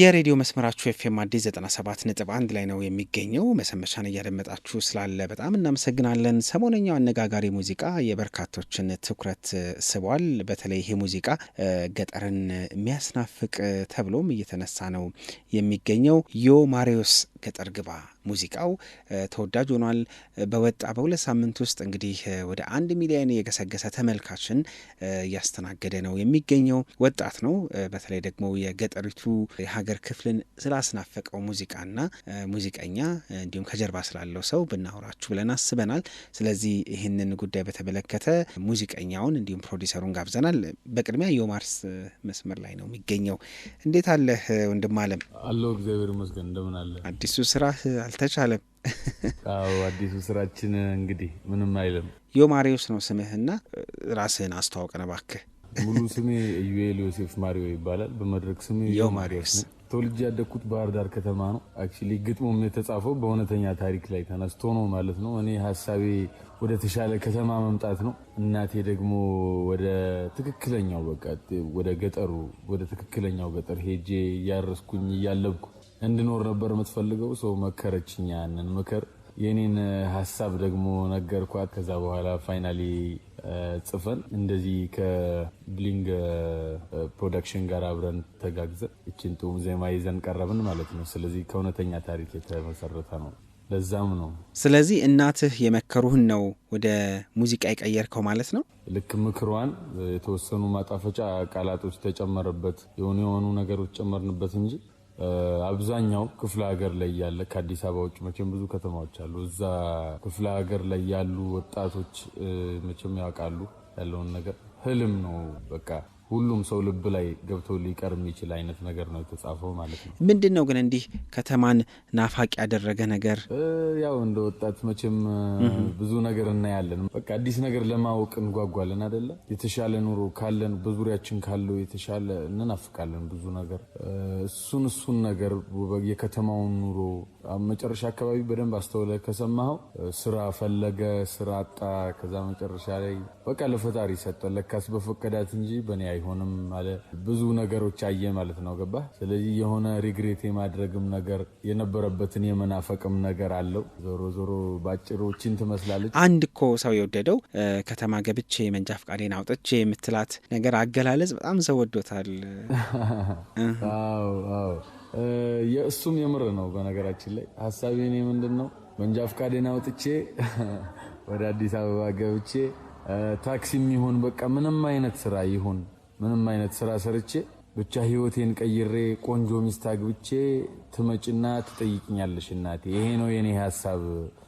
የሬዲዮ መስመራችሁ ኤፍኤም አዲስ 97 ነጥብ አንድ ላይ ነው የሚገኘው። መሰንበቻን እያደመጣችሁ ስላለ በጣም እናመሰግናለን። ሰሞነኛው አነጋጋሪ ሙዚቃ የበርካቶችን ትኩረት ስቧል። በተለይ ይሄ ሙዚቃ ገጠርን የሚያስናፍቅ ተብሎም እየተነሳ ነው የሚገኘው። ዮ ማሪዮስ ገጠር ግባ ሙዚቃው ተወዳጅ ሆኗል። በወጣ በሁለት ሳምንት ውስጥ እንግዲህ ወደ አንድ ሚሊዮን የገሰገሰ ተመልካችን እያስተናገደ ነው የሚገኘው። ወጣት ነው። በተለይ ደግሞ የገጠሪቱ የሀገር ክፍልን ስላስናፈቀው ሙዚቃና ሙዚቀኛ እንዲሁም ከጀርባ ስላለው ሰው ብናወራችሁ ብለን አስበናል። ስለዚህ ይህንን ጉዳይ በተመለከተ ሙዚቀኛውን እንዲሁም ፕሮዲሰሩን ጋብዘናል። በቅድሚያ የማርስ መስመር ላይ ነው የሚገኘው። እንዴት አለህ ወንድም አለም? አለው እግዚአብሔር ይመስገን። እንደምን አለ አዲሱ ስራ አልተቻለም። አዎ አዲሱ ስራችን እንግዲህ ምንም አይልም። ዮማሪዎስ ነው ስምህና ራስህን አስተዋውቀን እባክህ። ሙሉ ስሜ ዩኤል ዮሴፍ ማሪዮ ይባላል። በመድረክ ስሜ ዮማሪዎስ ነው። ተወልጄ ያደግኩት ባህር ዳር ከተማ ነው። አክቹዋሊ ግጥሙም የተጻፈው በእውነተኛ ታሪክ ላይ ተነስቶ ነው ማለት ነው። እኔ ሀሳቤ ወደ ተሻለ ከተማ መምጣት ነው። እናቴ ደግሞ ወደ ትክክለኛው በቃ ወደ ገጠሩ ወደ ትክክለኛው ገጠር ሄጄ እያረስኩኝ እያለብኩ እንድኖር ነበር የምትፈልገው። ሰው መከረችኝ። ያንን ምክር የኔን ሀሳብ ደግሞ ነገርኳት። ከዛ በኋላ ፋይናሊ ጽፈን እንደዚህ ከብሊንግ ፕሮዳክሽን ጋር አብረን ተጋግዘን እችን ጥሙ ዜማ ይዘን ቀረብን ማለት ነው። ስለዚህ ከእውነተኛ ታሪክ የተመሰረተ ነው። ለዛም ነው ስለዚህ እናትህ የመከሩህን ነው ወደ ሙዚቃ የቀየርከው ማለት ነው። ልክ ምክሯን የተወሰኑ ማጣፈጫ ቃላቶች ተጨመረበት፣ የሆኑ የሆኑ ነገሮች ጨመርንበት እንጂ አብዛኛው ክፍለ ሀገር ላይ ያለ ከአዲስ አበባ ውጭ መቼም ብዙ ከተማዎች አሉ። እዛ ክፍለ ሀገር ላይ ያሉ ወጣቶች መቼም ያውቃሉ ያለውን ነገር ህልም ነው በቃ ሁሉም ሰው ልብ ላይ ገብቶ ሊቀር የሚችል አይነት ነገር ነው የተጻፈው ማለት ነው። ምንድን ነው ግን እንዲህ ከተማን ናፋቅ ያደረገ ነገር? ያው እንደ ወጣት መቼም ብዙ ነገር እናያለን። በቃ አዲስ ነገር ለማወቅ እንጓጓለን አደለ? የተሻለ ኑሮ ካለን በዙሪያችን ካለው የተሻለ እንናፍቃለን ብዙ ነገር። እሱን እሱን ነገር የከተማውን ኑሮ መጨረሻ አካባቢ በደንብ አስተውለ ከሰማኸው ስራ ፈለገ፣ ስራ አጣ፣ ከዛ መጨረሻ ላይ በቃ ለፈጣሪ ሰጠ ለካስ በፈቀዳት እንጂ በኔ አይሆንም አለ። ብዙ ነገሮች አየ ማለት ነው። ገባ። ስለዚህ የሆነ ሪግሬት የማድረግም ነገር የነበረበትን የመናፈቅም ነገር አለው። ዞሮ ዞሮ ባጭሮችን ትመስላለች። አንድ እኮ ሰው የወደደው ከተማ ገብቼ መንጃ ፈቃዴን አውጥቼ የምትላት ነገር አገላለጽ በጣም ሰው ወዶታል። የእሱም የምር ነው። በነገራችን ላይ ሀሳቤ እኔ ምንድን ነው መንጃ ፈቃዴን አውጥቼ ወደ አዲስ አበባ ገብቼ ታክሲ የሚሆን በቃ ምንም አይነት ስራ ይሁን ምንም አይነት ስራ ሰርቼ ብቻ ህይወቴን ቀይሬ ቆንጆ ሚስት አግብቼ ትመጭና ትጠይቅኛለሽ እናቴ ይሄ ነው የኔ ሀሳብ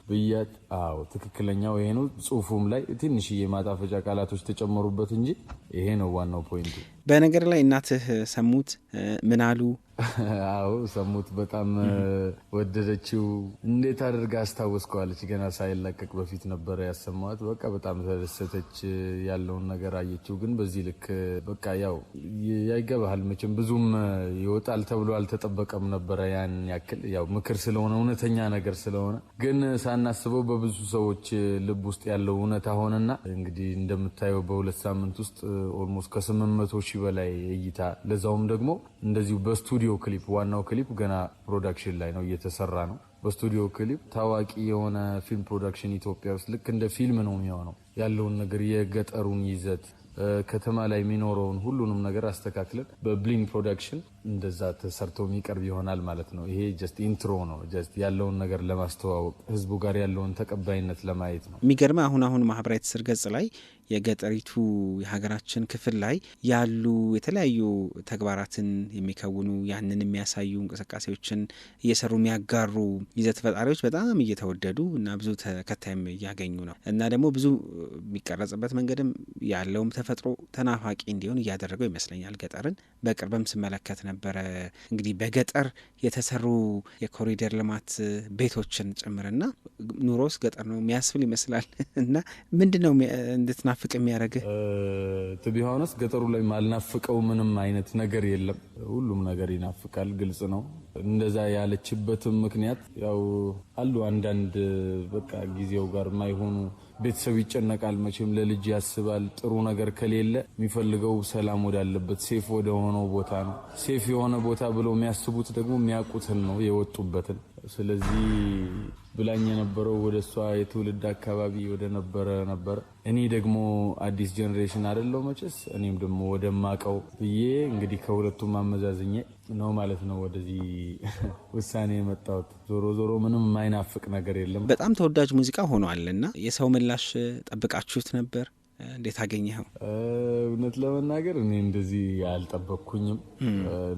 ብያት። አዎ ትክክለኛው ይሄ ነው። ጽሁፉም ላይ ትንሽዬ ማጣፈጫ ቃላቶች ተጨመሩበት እንጂ ይሄ ነው ዋናው ፖይንቱ። በነገር ላይ እናትህ ሰሙት ምናሉ አዎ ሰሙት። በጣም ወደደችው። እንዴት አድርጋ አስታወስከዋለች? ገና ሳይለቀቅ በፊት ነበረ ያሰማዋት። በቃ በጣም ተደሰተች፣ ያለውን ነገር አየችው። ግን በዚህ ልክ በቃ ያው ያይገባሃል መቼም ብዙም ይወጣል ተብሎ አልተጠበቀም ነበረ ያን ያክል ያው ምክር ስለሆነ እውነተኛ ነገር ስለሆነ ግን ሳናስበው በብዙ ሰዎች ልብ ውስጥ ያለው እውነታ ሆነና እንግዲህ እንደምታየው በሁለት ሳምንት ውስጥ ኦልሞስት ከስምንት መቶ ሺህ በላይ እይታ ለዛውም ደግሞ እንደዚሁ በስቱ ስቱዲዮ ክሊፕ ዋናው ክሊፕ ገና ፕሮዳክሽን ላይ ነው፣ እየተሰራ ነው። በስቱዲዮ ክሊፕ ታዋቂ የሆነ ፊልም ፕሮዳክሽን ኢትዮጵያ ውስጥ ልክ እንደ ፊልም ነው የሚሆነው ያለውን ነገር የገጠሩን ይዘት ከተማ ላይ የሚኖረውን ሁሉንም ነገር አስተካክለን በብሊን ፕሮዳክሽን እንደዛ ተሰርቶ የሚቀርብ ይሆናል ማለት ነው። ይሄ ጀስት ኢንትሮ ነው፣ ጀስት ያለውን ነገር ለማስተዋወቅ ህዝቡ ጋር ያለውን ተቀባይነት ለማየት ነው። የሚገርመ አሁን አሁን ማህበራዊ ትስስር ገጽ ላይ የገጠሪቱ የሀገራችን ክፍል ላይ ያሉ የተለያዩ ተግባራትን የሚከውኑ ያንን የሚያሳዩ እንቅስቃሴዎችን እየሰሩ የሚያጋሩ ይዘት ፈጣሪዎች በጣም እየተወደዱ እና ብዙ ተከታይም እያገኙ ነው እና ደግሞ ብዙ የሚቀረጽበት መንገድም ያለውም ተፈጥሮ ተናፋቂ እንዲሆን እያደረገው ይመስለኛል። ገጠርን በቅርብም ስመለከት ነበረ። እንግዲህ በገጠር የተሰሩ የኮሪደር ልማት ቤቶችን ጭምርና ኑሮስ ገጠር ነው የሚያስብል ይመስላል። እና ምንድን ነው እንድትናፍቅ የሚያደርግህ? ትቢሆነስ ገጠሩ ላይ ማልናፍቀው ምንም አይነት ነገር የለም። ሁሉም ነገር ይናፍቃል። ግልጽ ነው። እንደዛ ያለችበትም ምክንያት ያው አሉ አንዳንድ በቃ ጊዜው ጋር የማይሆኑ ቤተሰብ ይጨነቃል፣ መቼም ለልጅ ያስባል። ጥሩ ነገር ከሌለ የሚፈልገው ሰላም ወዳለበት ሴፍ ወደ ሆነው ቦታ ነው። ሴፍ የሆነ ቦታ ብሎ የሚያስቡት ደግሞ የሚያውቁትን ነው የወጡበትን ስለዚህ ብላኝ የነበረው ወደ እሷ የትውልድ አካባቢ ወደ ነበረ ነበር። እኔ ደግሞ አዲስ ጀኔሬሽን አደለው መቼስ እኔም ደግሞ ወደማቀው ብዬ እንግዲህ ከሁለቱም አመዛዝኜ ነው ማለት ነው ወደዚህ ውሳኔ የመጣሁት። ዞሮ ዞሮ ምንም የማይናፍቅ ነገር የለም። በጣም ተወዳጅ ሙዚቃ ሆኗል እና የሰው ምላሽ ጠብቃችሁት ነበር? እንዴት አገኘኸው? እውነት ለመናገር እኔ እንደዚህ አልጠበቅኩኝም።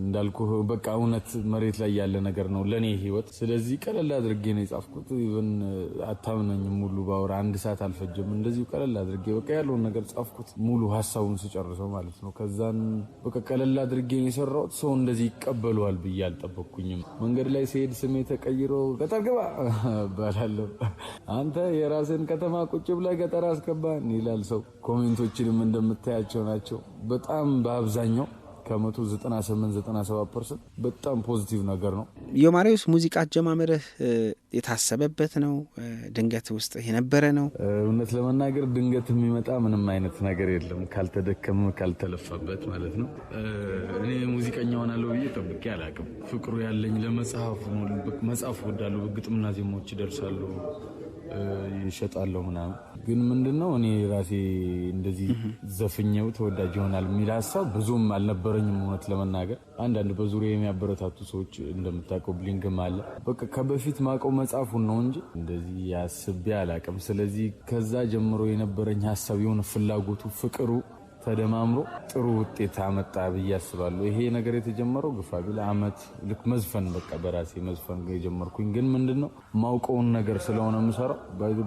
እንዳልኩ በቃ እውነት መሬት ላይ ያለ ነገር ነው ለእኔ ህይወት። ስለዚህ ቀለል አድርጌ ነው የጻፍኩት። ኢቨን አታምነኝም ሙሉ ባወራ አንድ ሰዓት አልፈጀም። እንደዚሁ ቀለል አድርጌ በቃ ያለውን ነገር ጻፍኩት፣ ሙሉ ሀሳቡን ስጨርሰው ማለት ነው። ከዛን በቃ ቀለል አድርጌ ነው የሰራሁት። ሰው እንደዚህ ይቀበለዋል ብዬ አልጠበቅኩኝም። መንገድ ላይ ሲሄድ ስሜ ተቀይሮ ገጠር ግባ እባላለሁ። አንተ የራስን ከተማ ቁጭ ብለህ ገጠር አስገባን ይላል ሰው ኮሜንቶችንም እንደምታያቸው ናቸው። በጣም በአብዛኛው ከ198 97 ፐርሰንት በጣም ፖዚቲቭ ነገር ነው። የማሪዎስ ሙዚቃ አጀማመርህ የታሰበበት ነው? ድንገት ውስጥ የነበረ ነው? እውነት ለመናገር ድንገት የሚመጣ ምንም አይነት ነገር የለም፣ ካልተደከመ ካልተለፋበት ማለት ነው። እኔ ሙዚቀኛ ሆናለሁ ብዬ ጠብቄ አላቅም። ፍቅሩ ያለኝ ለመጽሐፍ ነው። መጽሐፍ ወዳለሁ፣ ግጥምና ዜማዎች ይደርሳሉ ይሸጣለሁ ምናምን። ግን ምንድነው እኔ ራሴ እንደዚህ ዘፍኘው ተወዳጅ ይሆናል የሚል ሀሳብ ብዙም አልነበረኝም እውነት ለመናገር። አንዳንድ በዙሪያ የሚያበረታቱ ሰዎች እንደምታውቀው ብሊንግም አለ። በቃ ከበፊት ማውቀው መጽሐፉን ነው እንጂ እንደዚህ ያስቤ አላቅም። ስለዚህ ከዛ ጀምሮ የነበረኝ ሀሳብ የሆነ ፍላጎቱ ፍቅሩ ተደማምሮ ጥሩ ውጤት አመጣ ብዬ አስባለሁ። ይሄ ነገር የተጀመረው ግፋ ቢል አመት ልክ መዝፈን በቃ በራሴ መዝፈን የጀመርኩኝ ግን ምንድን ነው ማውቀውን ነገር ስለሆነ የምሰራው።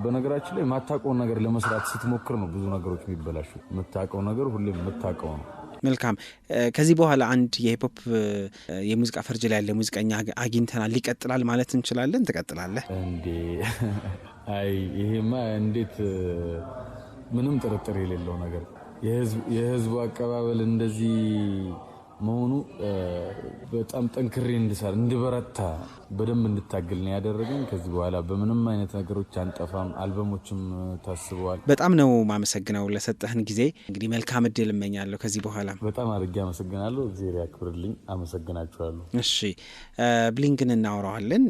በነገራችን ላይ ማታውቀውን ነገር ለመስራት ስትሞክር ነው ብዙ ነገሮች የሚበላሹ። የምታውቀው ነገር ሁሌም የምታውቀው ነው። መልካም። ከዚህ በኋላ አንድ የሂፖፕ የሙዚቃ ፈርጅ ላይ ያለ ሙዚቀኛ አግኝተናል። ይቀጥላል ማለት እንችላለን? ትቀጥላለህ እንዴ? አይ ይሄማ እንዴት ምንም ጥርጥር የሌለው ነገር የህዝቡ አቀባበል እንደዚህ መሆኑ በጣም ጠንክሬ እንድሰር እንድበረታ በደንብ እንድታግል ነው ያደረገኝ። ከዚህ በኋላ በምንም አይነት ነገሮች አንጠፋም። አልበሞችም ታስበዋል። በጣም ነው ማመሰግነው ለሰጠህን ጊዜ። እንግዲህ መልካም እድል እመኛለሁ ከዚህ በኋላ። በጣም አድርጌ አመሰግናለሁ። እግዜር ያክብርልኝ። አመሰግናችኋለሁ። እሺ ብሊንግን እናወራዋለን።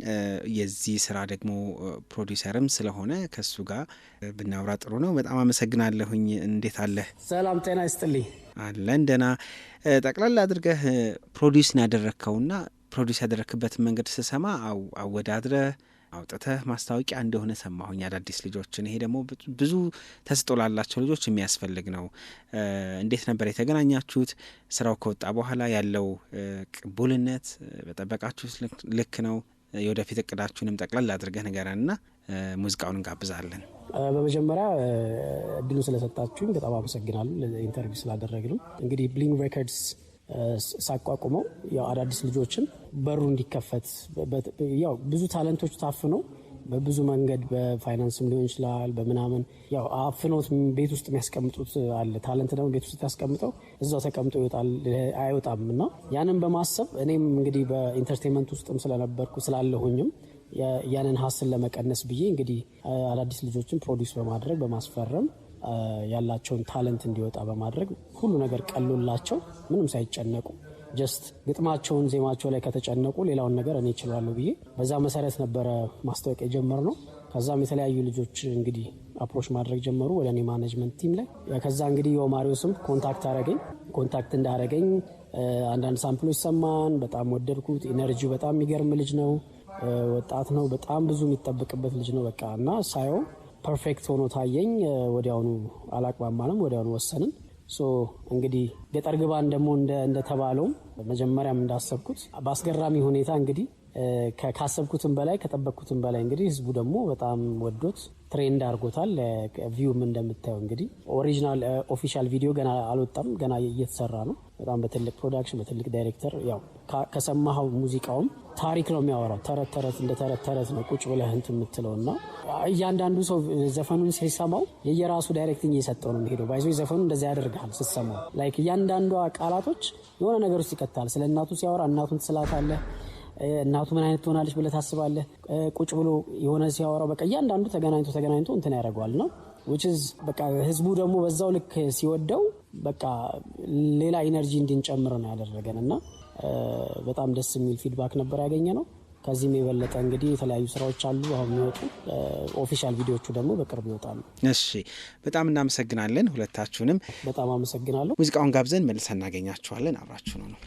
የዚህ ስራ ደግሞ ፕሮዲሰርም ስለሆነ ከሱ ጋር ብናውራ ጥሩ ነው። በጣም አመሰግናለሁኝ። እንዴት አለህ? ሰላም ጤና ይስጥልኝ። አለን። ደህና ጠቅላላ አድርገህ ፕሮዲውስ ያደረግከውና ፕሮዲስ ያደረግክበትን መንገድ ስሰማ አወዳድረህ አውጥተህ ማስታወቂያ እንደሆነ ሰማሁኝ፣ አዳዲስ ልጆችን። ይሄ ደግሞ ብዙ ተስጦ ላላቸው ልጆች የሚያስፈልግ ነው። እንዴት ነበር የተገናኛችሁት? ስራው ከወጣ በኋላ ያለው ቅቡልነት በጠበቃችሁት ልክ ነው? የወደፊት እቅዳችሁንም ጠቅላላ አድርገህ ንገረንና ሙዚቃውን እንጋብዛለን። በመጀመሪያ እድሉ ስለሰጣችሁኝ በጣም አመሰግናለሁ። ኢንተርቪው ስላደረግንም እንግዲህ ብሊንግ ሬከርድስ ሳቋቁመው ያው አዳዲስ ልጆችን በሩ እንዲከፈት ያው ብዙ ታለንቶች ታፍነው በብዙ መንገድ በፋይናንስም ሊሆን ይችላል በምናምን ያው አፍኖት ቤት ውስጥ የሚያስቀምጡት አለ። ታለንት ደግሞ ቤት ውስጥ ያስቀምጠው እዛው ተቀምጦ ይወጣል አይወጣም እና ያንን በማሰብ እኔም እንግዲህ በኢንተርቴንመንት ውስጥም ስለነበርኩ ስላለሁኝም ያንን ሀስን ለመቀነስ ብዬ እንግዲህ አዳዲስ ልጆችን ፕሮዲስ በማድረግ በማስፈረም ያላቸውን ታለንት እንዲወጣ በማድረግ ሁሉ ነገር ቀሎላቸው ምንም ሳይጨነቁ ጀስት ግጥማቸውን ዜማቸው ላይ ከተጨነቁ ሌላውን ነገር እኔ እችላለሁ ብዬ በዛ መሰረት ነበረ ማስታወቂያ የጀመርነው። ከዛም የተለያዩ ልጆች እንግዲህ አፕሮች ማድረግ ጀመሩ ወደ እኔ ማኔጅመንት ቲም ላይ። ከዛ እንግዲህ ስም ኮንታክት አረገኝ። ኮንታክት እንዳረገኝ አንዳንድ ሳምፕሎች ሰማን። በጣም ወደድኩት። ኢነርጂው በጣም የሚገርም ልጅ ነው። ወጣት ነው። በጣም ብዙ የሚጠበቅበት ልጅ ነው። በቃ እና ሳየው ፐርፌክት ሆኖ ታየኝ። ወዲያውኑ አላቅማማንም፣ ወዲያውኑ ወሰንን። ሶ እንግዲህ ገጠር ግባን ደግሞ እንደተባለውም መጀመሪያም እንዳሰብኩት በአስገራሚ ሁኔታ እንግዲህ ካሰብኩትም በላይ ከጠበቅኩትም በላይ እንግዲህ ህዝቡ ደግሞ በጣም ወዶት ትሬንድ አድርጎታል። ቪውም እንደምታየው እንግዲህ ኦሪጂናል ኦፊሻል ቪዲዮ ገና አልወጣም፣ ገና እየተሰራ ነው። በጣም በትልቅ ፕሮዳክሽን በትልቅ ዳይሬክተር። ያው ከሰማኸው ሙዚቃውም ታሪክ ነው የሚያወራው። ተረት ተረት እንደ ተረት ተረት ነው ቁጭ ብለህ እንትን የምትለው እና እያንዳንዱ ሰው ዘፈኑን ሲሰማው የየራሱ ዳይሬክቲንግ እየሰጠው ነው የሚሄደው። ባይዞ ዘፈኑ እንደዚ ያደርግሃል ስትሰማው። ላይክ እያንዳንዷ ቃላቶች የሆነ ነገር ውስጥ ይቀጥታል። ስለ እናቱ ሲያወራ እናቱን ትስላታለህ እናቱ ምን አይነት ትሆናለች ብለህ ታስባለህ? ቁጭ ብሎ የሆነ ሲያወራው በቃ እያንዳንዱ ተገናኝቶ ተገናኝቶ እንትን ያደርገዋል ነው በቃ ህዝቡ ደግሞ በዛው ልክ ሲወደው በቃ ሌላ ኢነርጂ እንድንጨምር ነው ያደረገን እና በጣም ደስ የሚል ፊድባክ ነበር ያገኘ ነው። ከዚህም የበለጠ እንግዲህ የተለያዩ ስራዎች አሉ አሁን የሚወጡ ኦፊሻል ቪዲዮቹ ደግሞ በቅርብ ይወጣሉ። እሺ፣ በጣም እናመሰግናለን ሁለታችሁንም። በጣም አመሰግናለሁ። ሙዚቃውን ጋብዘን መልሰን እናገኛችኋለን። አብራችሁ ነው ነው